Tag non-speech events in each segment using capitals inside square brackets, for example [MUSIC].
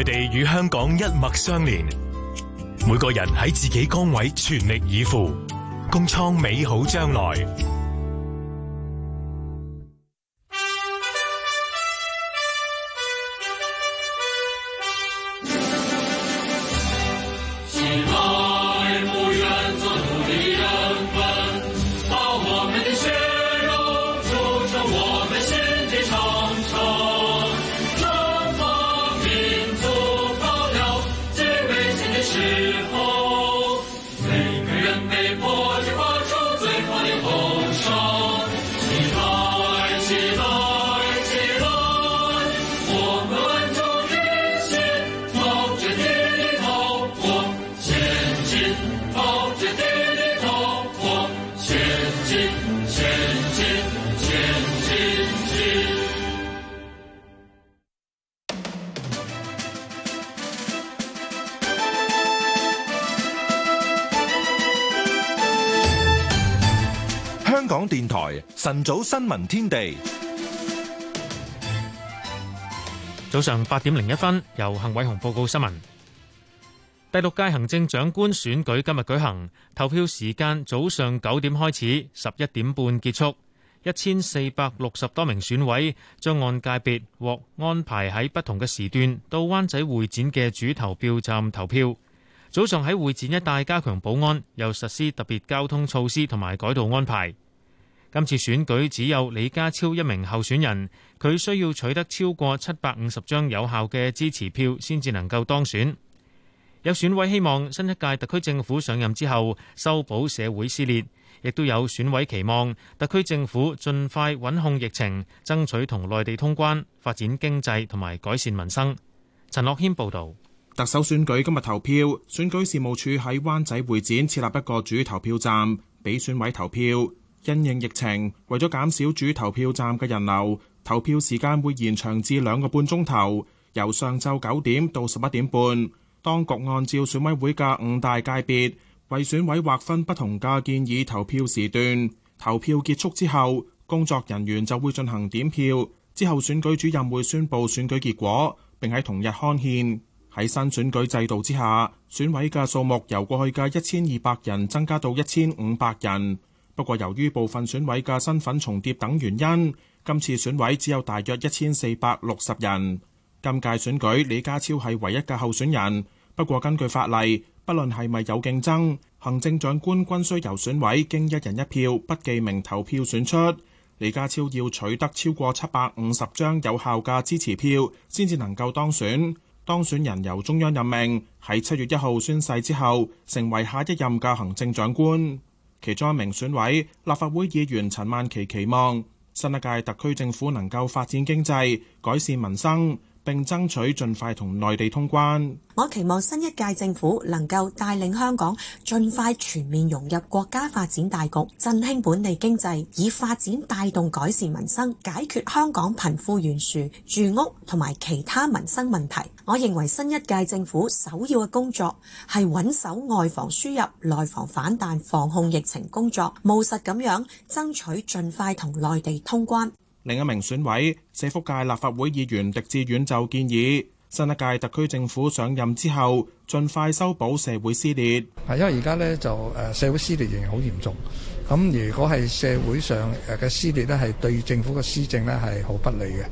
佢哋與香港一脈相連，每個人喺自己崗位全力以赴，共創美好將來。台晨早新聞天地，早上八點零一分，由幸偉雄報告新聞。第六屆行政長官選舉今日舉行，投票時間早上九點開始，十一點半結束。一千四百六十多名選委將按界別獲安排喺不同嘅時段到灣仔會展嘅主投票站投票。早上喺會展一帶加強保安，又實施特別交通措施同埋改道安排。今次選舉只有李家超一名候選人，佢需要取得超過七百五十張有效嘅支持票，先至能夠當選。有選委希望新一屆特區政府上任之後修補社會撕裂，亦都有選委期望特區政府盡快穩控疫情，爭取同內地通關，發展經濟同埋改善民生。陳樂軒報導，特首選舉今日投票，選舉事務處喺灣仔會展設立一個主投票站，俾選委投票。因應疫情，為咗減少主投票站嘅人流，投票時間會延長至兩個半鐘頭，由上晝九點到十一點半。當局按照選委會嘅五大界別，為選委劃分不同嘅建議投票時段。投票結束之後，工作人員就會進行點票，之後選舉主任會宣布選舉結果，並喺同日刊憲。喺新選舉制度之下，選委嘅數目由過去嘅一千二百人增加到一千五百人。不過，由於部分選委嘅身份重疊等原因，今次選委只有大約一千四百六十人。今屆選舉，李家超係唯一嘅候選人。不過，根據法例，不論係咪有競爭，行政長官均須由選委經一人一票不記名投票選出。李家超要取得超過七百五十張有效嘅支持票，先至能夠當選。當選人由中央任命，喺七月一號宣誓之後，成為下一任嘅行政長官。其中一名選委、立法會議員陳曼琪期望新一屆特區政府能夠發展經濟、改善民生。並爭取盡快同內地通關。我期望新一屆政府能夠帶領香港盡快全面融入國家發展大局，振興本地經濟，以發展帶動改善民生，解決香港貧富懸殊、住屋同埋其他民生問題。我認為新一屆政府首要嘅工作係穩守外防輸入、內防反彈、防控疫情工作，務實咁樣爭取盡快同內地通關。另一名選委社福界立法會議員狄志遠就建議，新一屆特區政府上任之後，盡快修補社會撕裂。係因為而家咧就誒社會撕裂仍然好嚴重。咁如果係社會上誒嘅撕裂咧，係對政府嘅施政咧係好不利嘅。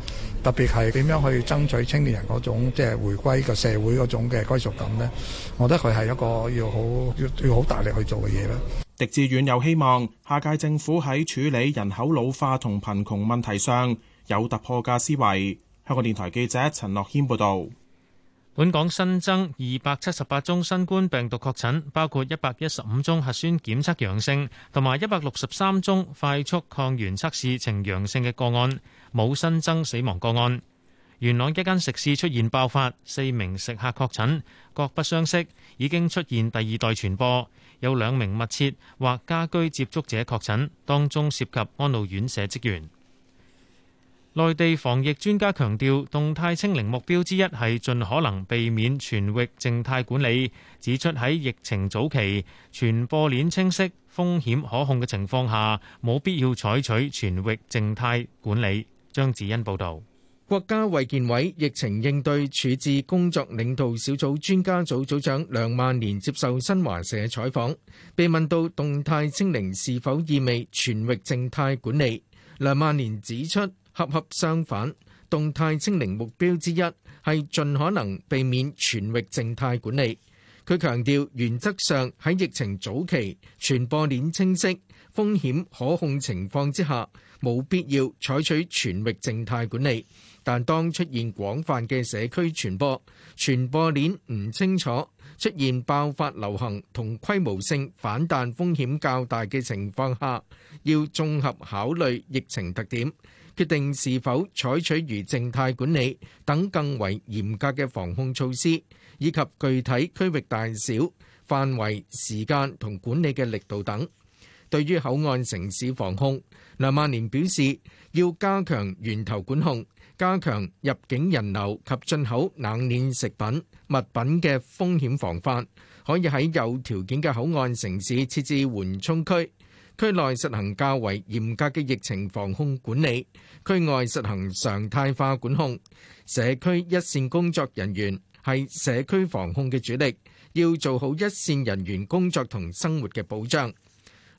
特別係點樣去爭取青年人嗰種即係回歸個社會嗰種嘅歸屬感咧，我覺得佢係一個要好要要好大力去做嘅嘢啦。狄志遠有希望下屆政府喺處理人口老化同貧窮問題上有突破嘅思維。香港電台記者陳諾謙報道。本港新增二百七十八宗新冠病毒確診，包括一百一十五宗核酸檢測陽性，同埋一百六十三宗快速抗原測試呈陽性嘅個案，冇新增死亡個案。元朗一間食肆出現爆發，四名食客確診，各不相識，已經出現第二代傳播。有兩名密切或家居接觸者確診，當中涉及安老院舍職員。內地防疫專家強調，動態清零目標之一係盡可能避免全域靜態管理，指出喺疫情早期傳播鏈清晰、風險可控嘅情況下，冇必要採取全域靜態管理。張子欣報導。國家衛健委疫情應對處置工作領導小組專家組組長梁萬年接受新華社嘅採訪，被問到動態清零是否意味全域靜態管理，梁萬年指出，恰恰相反，動態清零目標之一係盡可能避免全域靜態管理。佢強調，原則上喺疫情早期傳播鏈清晰、風險可控情況之下，冇必要採取全域靜態管理。但當出現廣泛嘅社區傳播、傳播鏈唔清楚、出現爆發流行同規模性反彈風險較大嘅情況下，要綜合考慮疫情特點，決定是否採取如靜態管理等更為嚴格嘅防控措施，以及具體區域大小、範圍、時間同管理嘅力度等。對於口岸城市防控，梁萬年表示，要加強源頭管控。加強入境人流及進口冷鏈食品物品嘅風險防範，可以喺有條件嘅口岸城市設置緩衝區，區內實行較為嚴格嘅疫情防控管理，區外實行常態化管控。社區一線工作人員係社區防控嘅主力，要做好一線人員工作同生活嘅保障。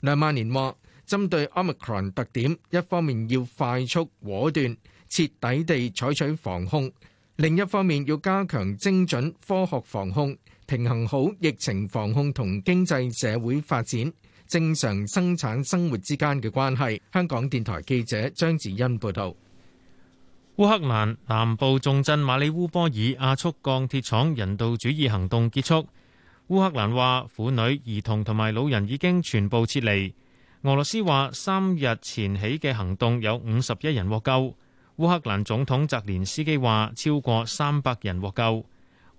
梁萬年話，針對奧密克戎特點，一方面要快速果斷。徹底地採取防控，另一方面要加強精準科學防控，平衡好疫情防控同經濟社會發展、正常生產生活之間嘅關係。香港電台記者張子欣報道。烏克蘭南部重鎮馬里烏波爾亞速鋼鐵廠人道主義行動結束。烏克蘭話婦女、兒童同埋老人已經全部撤離。俄羅斯話三日前起嘅行動有五十一人獲救。烏克蘭總統澤連斯基話，超過三百人獲救。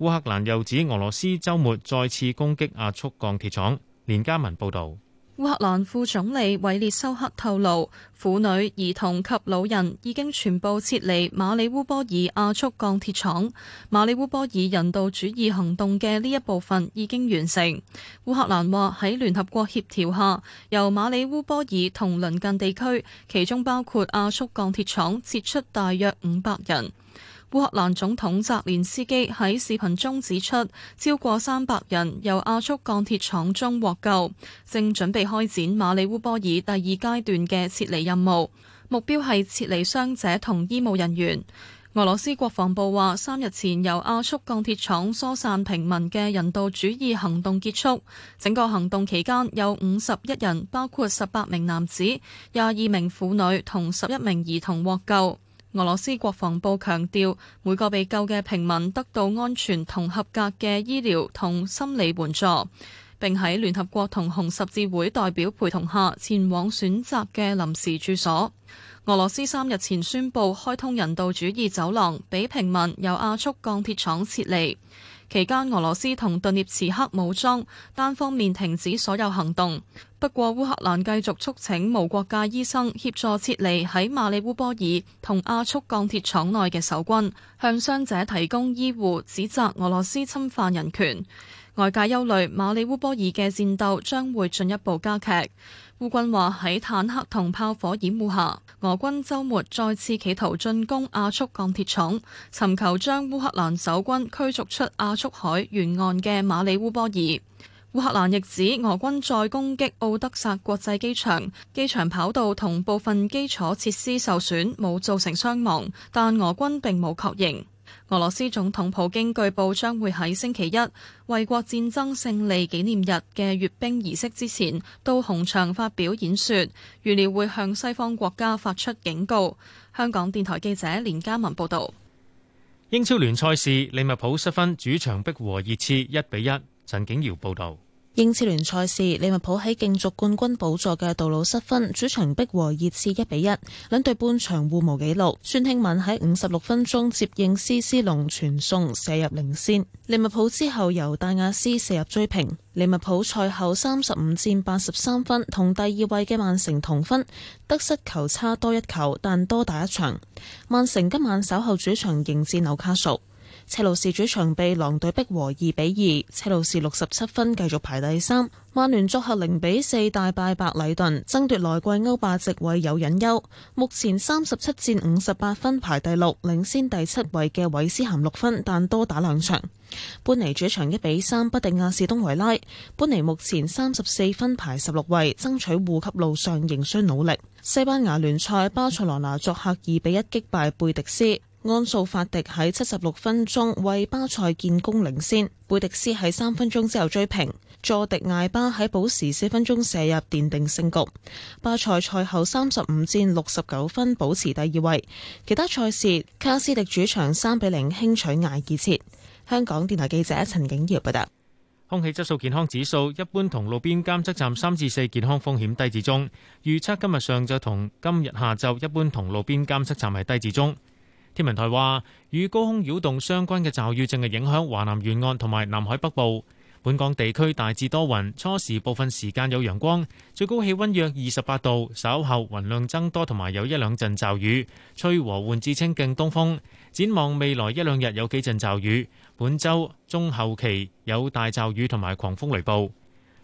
烏克蘭又指俄羅斯周末再次攻擊亞速鋼鐵廠。連家文報道。烏克蘭副總理維列修克透露，婦女、兒童及老人已經全部撤離馬里烏波爾亞速鋼鐵廠。馬里烏波爾人道主義行動嘅呢一部分已經完成。烏克蘭話喺聯合國協調下，由馬里烏波爾同鄰近地區，其中包括亞速鋼鐵廠，撤出大約五百人。烏克蘭總統澤連斯基喺視頻中指出，超過三百人由亞速鋼鐵廠中獲救，正準備開展馬里烏波爾第二階段嘅撤離任務，目標係撤離傷者同醫務人員。俄羅斯國防部話，三日前由亞速鋼鐵廠疏散平民嘅人道主義行動結束，整個行動期間有五十一人，包括十八名男子、廿二名婦女同十一名兒童獲救。俄羅斯國防部強調，每個被救嘅平民得到安全同合格嘅醫療同心理援助，並喺聯合國同紅十字會代表陪同下前往選擇嘅臨時住所。俄羅斯三日前宣布開通人道主義走廊，俾平民由亞速鋼鐵廠撤離。期間，俄羅斯同頓涅茨克武裝單方面停止所有行動。不過，烏克蘭繼續促請無國界醫生協助撤離喺馬里烏波爾同亞速鋼鐵廠內嘅守軍，向傷者提供醫護，指責俄羅斯侵犯人權。外界憂慮馬里烏波爾嘅戰鬥將會進一步加劇。烏軍話喺坦克同炮火掩護下，俄軍周末再次企圖進攻亞速鋼鐵廠，尋求將烏克蘭守軍驅逐出亞速海沿岸嘅馬里烏波爾。烏克蘭亦指俄軍再攻擊奧德薩國際機場，機場跑道同部分基礎設施受損，冇造成傷亡，但俄軍並冇確認。俄羅斯總統普京據報將會喺星期一衛國戰爭勝利紀念日嘅閱兵儀式之前到紅場發表演說，預料會向西方國家發出警告。香港電台記者連嘉文報道。英超聯賽事利物浦失分主場逼和熱刺一比一。陳景堯報道。英超聯賽事，利物浦喺競逐冠軍寶座嘅道路失分，主場逼和熱刺一比一，兩隊半場互無紀錄。孫興敏喺五十六分鐘接應斯斯龍傳送射入領先，利物浦之後由戴亞斯射入追平。利物浦賽後三十五戰八十三分，同第二位嘅曼城同分，得失球差多一球，但多打一場。曼城今晚稍後主場迎戰紐卡素。赤路士主場被狼隊逼和二比二，赤路士六十七分繼續排第三。曼聯作客零比四大敗白禮頓，爭奪來季歐霸席，席位有隱憂。目前三十七戰五十八分排第六，領先第七位嘅韋斯咸六分，但多打兩場。本尼主場一比三不敵亞士東維拉，本尼目前三十四分排十六位，爭取護級路上仍需努力。西班牙聯賽巴塞羅那作客二比一擊敗貝迪斯。安素法迪喺七十六分鐘為巴塞建功，領先，貝迪斯喺三分鐘之後追平，佐迪艾巴喺補時四分鐘射入，奠定勝局。巴塞賽後三十五戰六十九分，保持第二位。其他賽事，卡斯迪主場三比零輕取艾爾切。香港電台記者陳景瑤報道。空氣質素健康指數一般同路邊監測站三至四，健康風險低至中。預測今日上晝同今日下晝一般同路邊監測站係低至中。天文台話，與高空擾動相關嘅驟雨正係影響華南沿岸同埋南海北部。本港地區大致多雲，初時部分時間有陽光，最高氣溫約二十八度。稍後雲量增多同埋有一兩陣驟雨，吹和緩至清勁東風。展望未來一兩日有幾陣驟雨，本周中後期有大驟雨同埋狂風雷暴。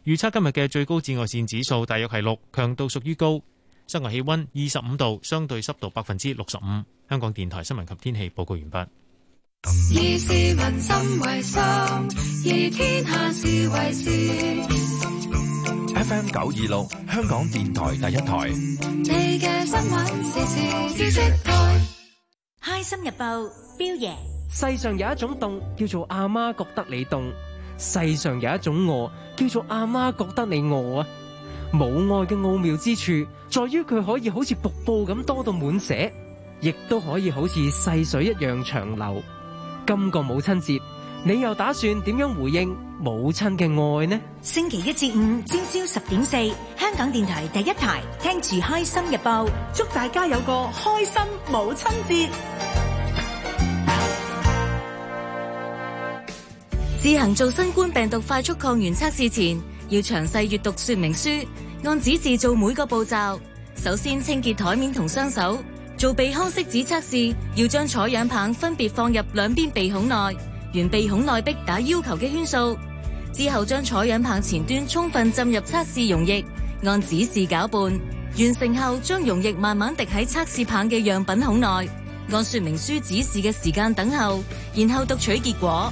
預測今日嘅最高紫外線指數大約係六，強度屬於高。室外氣溫二十五度，相對濕度百分之六十五。香港電台新聞及天氣報告完畢。以市民心為心，以天下事為事。F M 九二六，香港電台第一台。你嘅新聞時事知識台，開心日報，標爺。世上有一種凍，叫做阿媽覺得你凍；世上有一種餓，叫做阿媽覺得你餓啊！母愛嘅奧妙之處，在於佢可以好似瀑布咁多到滿瀉。亦都可以好似細水一樣長流。今個母親節，你又打算點樣回應母親嘅愛呢？星期一至五，朝朝十點四，香港電台第一台，聽住開心日報，祝大家有個開心母親節。自行做新冠病毒快速抗原測試前，要詳細閱讀說明書，按指示做每個步驟。首先清潔台面同雙手。做鼻腔拭子測試，要將採樣棒分別放入兩邊鼻孔內，沿鼻孔內壁打要求嘅圈數。之後將採樣棒前端充分浸入測試溶液，按指示攪拌。完成後，將溶液慢慢滴喺測試棒嘅樣品孔內，按說明書指示嘅時間等候，然後讀取結果。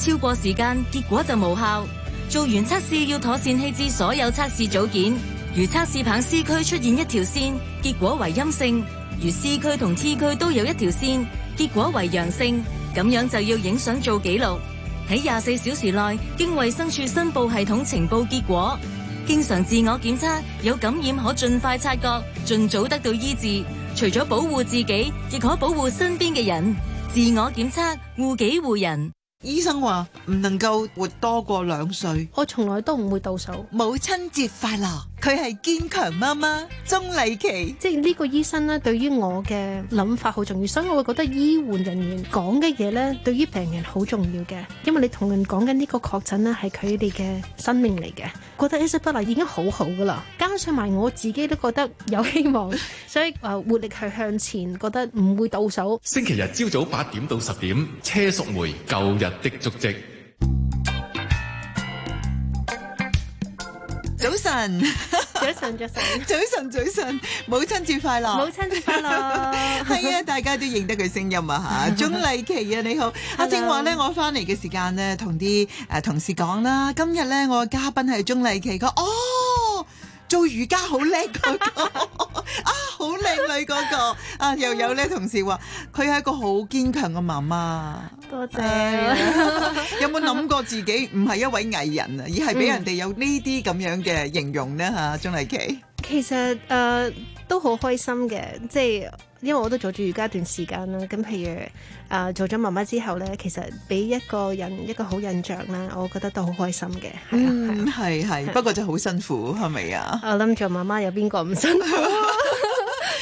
超過時間，結果就無效。做完測試要妥善棄置所有測試組件。如測試棒 C 區出現一條線，結果為陰性。如 C 區同 T 區都有一條線，結果為陽性，咁樣就要影相做記錄，喺廿四小時內經衛生署申報系統呈報結果。經常自我檢測，有感染可盡快察覺，盡早得到醫治。除咗保護自己，亦可保護身邊嘅人。自我檢測，護己護人。醫生話唔能夠活多過兩歲，我從來都唔會倒數。母親節快樂！佢係堅強媽媽鍾麗淇，即係呢個醫生咧，對於我嘅諗法好重要，所以我會覺得醫護人員講嘅嘢咧，對於病人好重要嘅，因為你同人講緊呢個確診咧，係佢哋嘅生命嚟嘅。覺得 acceptable 已經好好噶啦，加上埋我自己都覺得有希望， [LAUGHS] 所以誒活力係向前，覺得唔會倒數。星期日朝早八點到十點，車淑梅舊日的足跡。早晨，早晨，早晨，早晨，早晨，母親節快樂，母親節快樂，係 [LAUGHS] [LAUGHS] 啊，大家都認得佢聲音啊嚇。鍾麗琪啊，你好，阿正話咧，我翻嚟嘅時間咧，同啲誒同事講啦，今日咧，我嘅嘉賓係鍾麗琪，佢哦做瑜伽好叻啊。 [LAUGHS] [LAUGHS] 好靚女嗰個啊， [LAUGHS] 嗯、 [LAUGHS] 又有咧同事話佢係一個好堅強嘅媽媽。多謝， [LAUGHS] 有冇諗過自己唔係一位藝人啊，而係俾人哋有呢啲咁樣嘅形容咧？吓、嗯，鍾麗琪，其實誒、呃、都好開心嘅，即係因為我都做住瑜伽一段時間啦。咁譬如誒、呃、做咗媽媽之後咧，其實俾一個人一個好印象咧，我覺得都好開心嘅。啊啊啊、嗯，係係，啊、不過就好辛苦，係咪啊？我諗做媽媽有邊個唔辛苦？ [LAUGHS]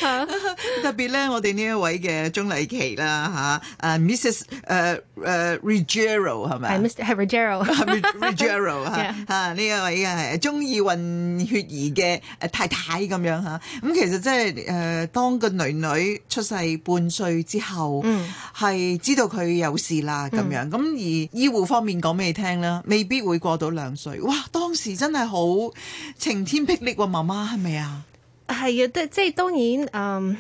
[LAUGHS] 特別咧，我哋呢一位嘅鍾麗淇啦，吓誒，Mrs 誒誒 Rajero 係咪啊？係 Mr. Harry Rajero，Harry Rajero 吓吓，呢一位太太啊，係中意混血兒嘅太太咁樣吓。咁其實即係誒，當個女女出世半歲之後，係、mm. 知道佢有事啦咁樣。咁而醫護方面講俾你聽啦，未必會過到兩歲。哇，當時真係好晴天霹靂，媽媽係咪啊？媽媽是係啊，哎、都即係當然，嗯、呃。